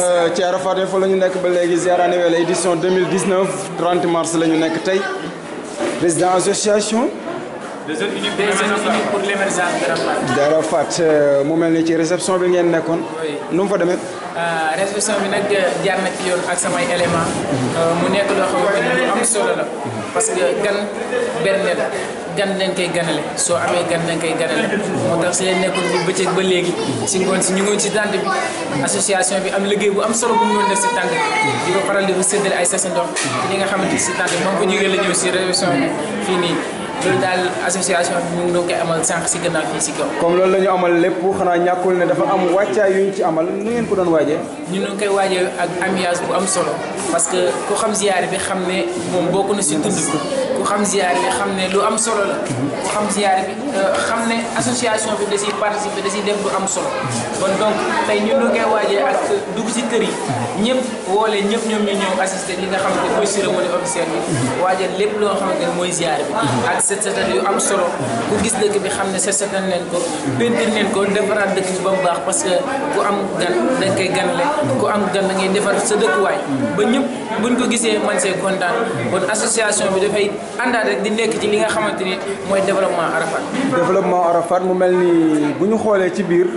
Euh, ci Arafat fa sommes ñu ba édition 2019 30 mars la ñu nekk association des heures uniques pour l'émergence d'Arafat euh, mu mel ni ci réception bi ngeen nekkoon. nu mu fa demee. Euh, réception bi nag euh, jaar na ci yoon ak samay éléments. mu nekk loo xamante am solo la. parce que gan benn la gan dañ koy ganale soo amee gan dañ koy ganale moo tax si leen nekkoon bu bëccëg ba léegi si ngoon si ñu ngoon si tànt bi association bi am liggéey bu am solo bu mu doon si tànk bi di ko faral di ko séddale ay sase ndox ñi nga xam xamante si tànt bi moom ko jógee la ñëw si réception fii nii loolu daal association bi ñu ngi doon koy amal sànq si gannaaw fii si kaw. comme loolu la ñu amal lépp xanaa ñàkkul ne dafa am wàccaay yu ñu ci amal nu ngeen ko doon waajee. koy waajee ak am solo parce que ku xam ziyaare bi xam ne moom bokk na si tund bi xam ziyaare bi ne lu am solo la. ku xam ziyaare bi euh, xam ne association bi da siy participer da siy def am solo. kon donc tey ñu ngi koy waajee ak dugg si kër yi. ñëpp woole ñëpp ñoom ñu ñëw assister li nga xamante ne mooy cérémonie officielle bi. waajal lépp loo xamante ne mooy ziyaare bi. set setal yu am solo ku gis dëkk bi xam ne set setal leen ko pentir leen ko defaraat dëkk bi ba mu baax parce que ku am gan dañ gan ganale ku am gan da ngay defar sa dëkkuwaay ba ñëpp buñ ko gisee man see kontaan kon association bi dafay àndaat rek di nekk ci li nga xamante ni mooy développement Arafat développement Arafat mu mel ni bu ñu xoolee ci biir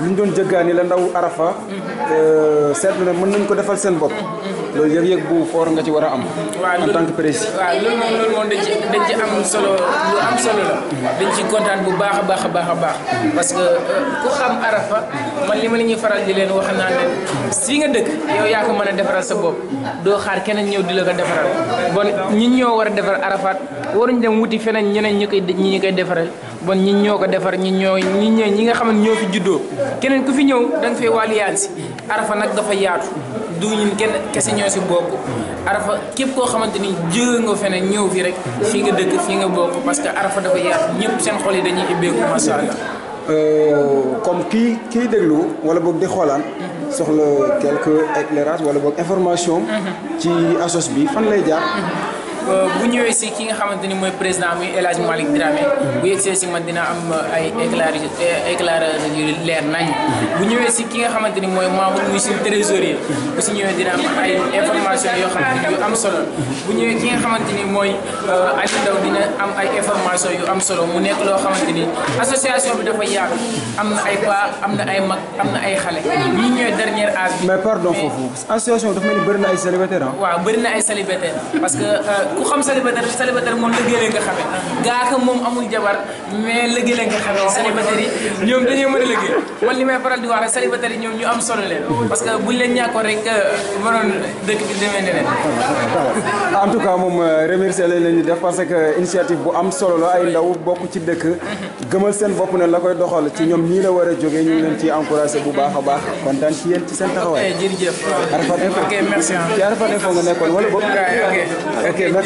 lu ñu doon jëggaani la ndaw Arafa mm-hmm. euh, seetlu ne mën nañ ko defal seen bopp mm-hmm. loolu yëpp yëpp bu forum nga ci war am. waaw en tant que président. waaw loolu moom loolu moom dañ ci dañ ci am solo lu am solo la. dañ ci kontaan bu baax a baax a baax a baax. parce que eh, ku xam arafa man li ma la ñuy faral ya, di leen wax naan leen si nga dëkk yow yaa ko mën a defaral sa bopp doo xaar keneen ñëw di la ko defaral bon ñun ñoo war a defar arafat waruñ dem wuti feneen ñeneen ñi koy ñi koy defaral bon ñun ñoo ko defar ñun ñoo ñi ñi nga xam ne ñoo fi juddoo keneen ku fi ñëw da nga fay waaliyaan si arafa nag dafa yaatu du ñun kenn kese ñoo si bokk arafa képp koo xamante ni jëw nga fi ne ñëw fi rek fii nga dëkk fii nga bokk parce que arafa dafa yaax ñëpp seen xol yi dañuy ubbeeku masa allah euh, comme kii kii déglu wala boog di xoolaan soxla quelque éclairage wala boog information mhm. ci asos bi fan lay jaar mhm. Euh, bu ñëwee si ki nga xamante ni mooy président muy El Hadj Malick Dramé bu yegsee si man dina am euh, ay éclairage euh, leer nañ bu ñëwee si ki nga xamante ni mooy Mamour muy suñu trésorier bu si ñëwee dina yoo xamante am solo bu ñëwee ki nga xamante ni mooy dina am ay information yu am solo mu nekk loo xamante ni association bi dafa yaatu am na ay paa am na ay mag am na ay xale ñi ñëwee dernière âge mais pardon foofu association bi dafa mel ni bëri na ay célibataire waaw bëri na ay célibataire parce que ku xam célibataire célibataire moom liggéey nga xamee gaa ka moom amul jabar mais liggéey nga xamee célibataire yi ñoom dañoo mën a liggéey man li may faral di wax rek célibataire yi ñoom ñu am solo leen parce que buñ leen ñàkkoon rek mënoon dëkk bi demee neneen en tout cas moom remercier lañ leen di def parce que initiative bu am solo la ay ndaw bokk ci dëkk gëmal seen bopp ne la koy doxal ci ñoom ñii la war a jógee ñu ngi leen ciy encouragé bu baax a baax kontaan ci yéen ci seen taxawaay jërëjëf Arafat Info ci Arafat Info nga nekkoon wala bopp ok merci